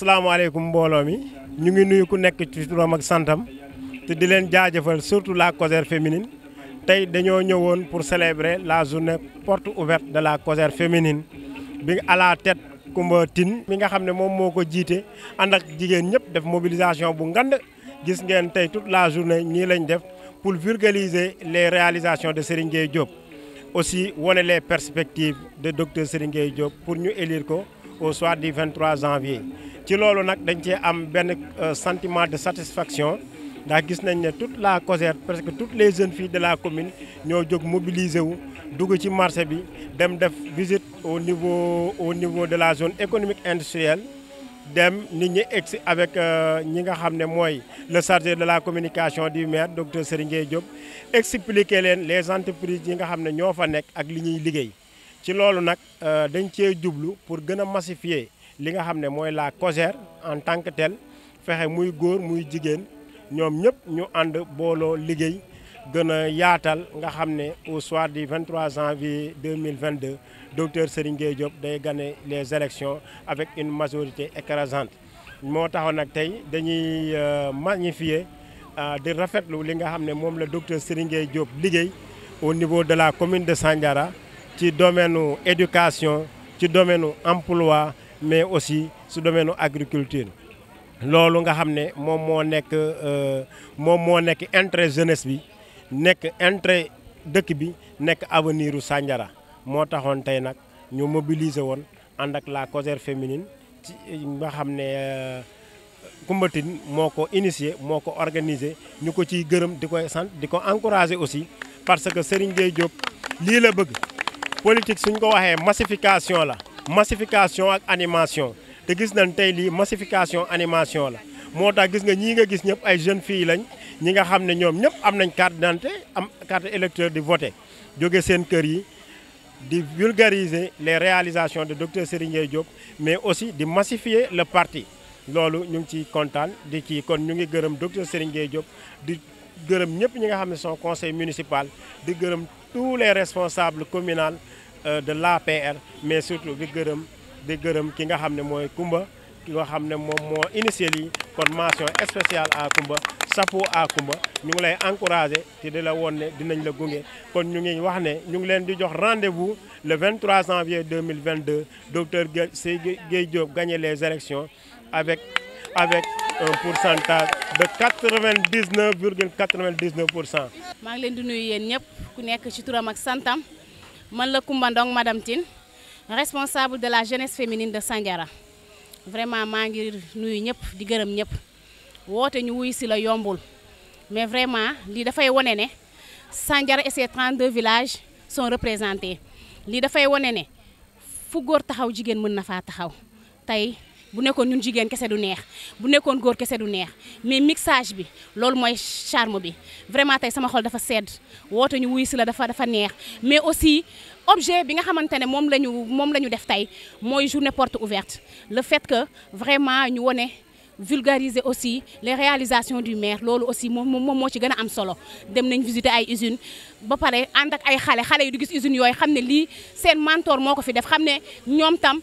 salaamaaleykum mbolo mi ñu ngi nuyu ku nekk ci turam ak santam te di len jaajeufal surtout la Cojer féminine tay dañoo ñëwoon pour célébrer la journée porte ouverte de la Cojer féminine bi à la tête kumba tin mi nga xam mom moko jité ko ak def mobilisation bu ngand gis ngeen tay toute la journée ñi lañ def pour vulgariser les réalisations de Serigne Gueye Diop aussi woné les perspectives de docteur Serigne Gueye Diop pour ñu élire ko au soir du 23 janvier ci loolu nag dañ cee am euh, sentiment de satisfaction Nous gis nañ toute la COJER presque toutes les jeunes filles de la commune ñoo ont mobilisé wu dugg ci marché bi dem def visite au niveau au niveau de la zone économique industrielle dem nit avec euh, ñi nga le chargé de la communication du maire docteur Serigne Diop expliquer leen les entreprises yi nga xam ne ñoo fa nekk ak li ñuy ci euh, pour massifier li nga xam la COJER en tant que tel fexé muy goor muy jigen ñom ñep ñu and bolo liggéey gëna yaatal nga xamné au soir du 23 janvier 2022 docteur Serigne Gueye Diop day gagner les élections avec une majorité écrasante mo taxone nak tay dañuy euh, magnifier euh, de rafetlu li nga xam la docteur Serigne Gueye Diop au niveau de la commune de Sandiara ci domaine éducation ci domaine emploi mais aussi ce domaine agriculture loolu nga xamné mom mo nek euh mom mo nek intérêt jeunesse bi nek intérêt deuk bi nek avenir Sandiara mo taxone tay nak ñu mobiliser woon ànd ak la COJER féminine ci nga xamné Kumbatine euh, moko initier moko organiser initié ci gëreum organisé ñu ko ciy aussi parce que Serigne Gueye Diop lii la bëgg politique suñ ko waxé massification la massification et animation De gis nañ tay li massification animation la gis nga jeunes filles lañ ñi nga xamné ñom ñep am carte d'identité am carte électeur voter yi vulgariser les réalisations de docteur Serigne Diop mais aussi de massifier le parti Lolu ñu que nous di ci kon ñu ngi gëreum docteur Serigne Diop di son conseil municipal di tous les responsables communaux euh, de l'APR mais surtout des gërëm de gërëm ki nga xam ne Kumba qui nga xam ne moi initialement, formation spéciale à Kumba chapeau à Kumba Nous voulons lay encouragé te di la woon ne dinañ la gunge kon Nous ngi wax ne ñu ngi di rendez-vous le 23 janvier 2022 docteur Guèye gagne Diop les élections avec avec un pourcentage de 99,99%. virgule 99 pour cent. di nuyu yéen ñëpp ku ci man la Coumba madame Tine responsable de la jeunesse féminine de Sangara. vraiment mangir nous nuyu ñëpp di gërëm ñëpp woote ñu wuy si la yombul mais vraiment lii fait wane né. Sangara et ses 32 villages sont représentés lii fait wane né. fu góor taxaw jigéen mën na taxaw bu nekkoon ñun kese du neex bu kese du mais mixage bi charme bi vraiment tey sama xol dafa sedd woote ñu wuy si la dafa dafa mais aussi objet bi nga xamante ne moom la porte ouverte le fait que vraiment ñu wone vulgariser aussi les réalisations du maire loolu aussi moom moom moo ci gën am solo dem nañ visiter ay usines ba pare ànd ak ay xale xale yu mentor moo fi def ne tam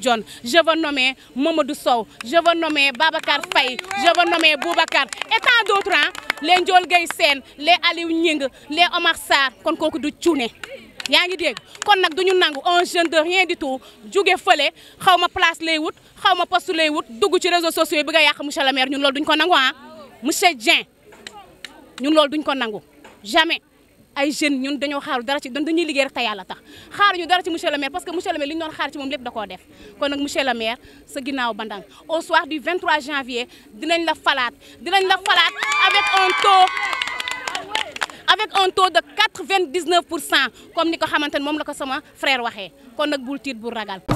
John, je veux nommer Mamadou Sow, je veux nommer Babacar Fay, je veux nommer Boubacar et tant d'autres hein. les Ndiol Sen, les Aliou Nying les Omar Sarr kon du de rien du tout place lay wut xaw ma poste lay wut dugg ci réseaux sociaux yi bi monsieur a ñun duñ hein. jamais ay jeunes ñun dañoo xaaru dara ci dañuy liggéey ta yalla yàlla tax xaaruñu dara ci monsieur le maire parce que monsieur le maire li ñu doon xaar ci mom lepp da ko def kon nak monsieur le maire sa ginnaaw bandang au soir du 23 janvier dinañ la falaat dinañ la falaat avec un taux avec un taux de 99 comme ni ko xamantene mom la ko sama frère waxé kon nak bul tiit bu ragal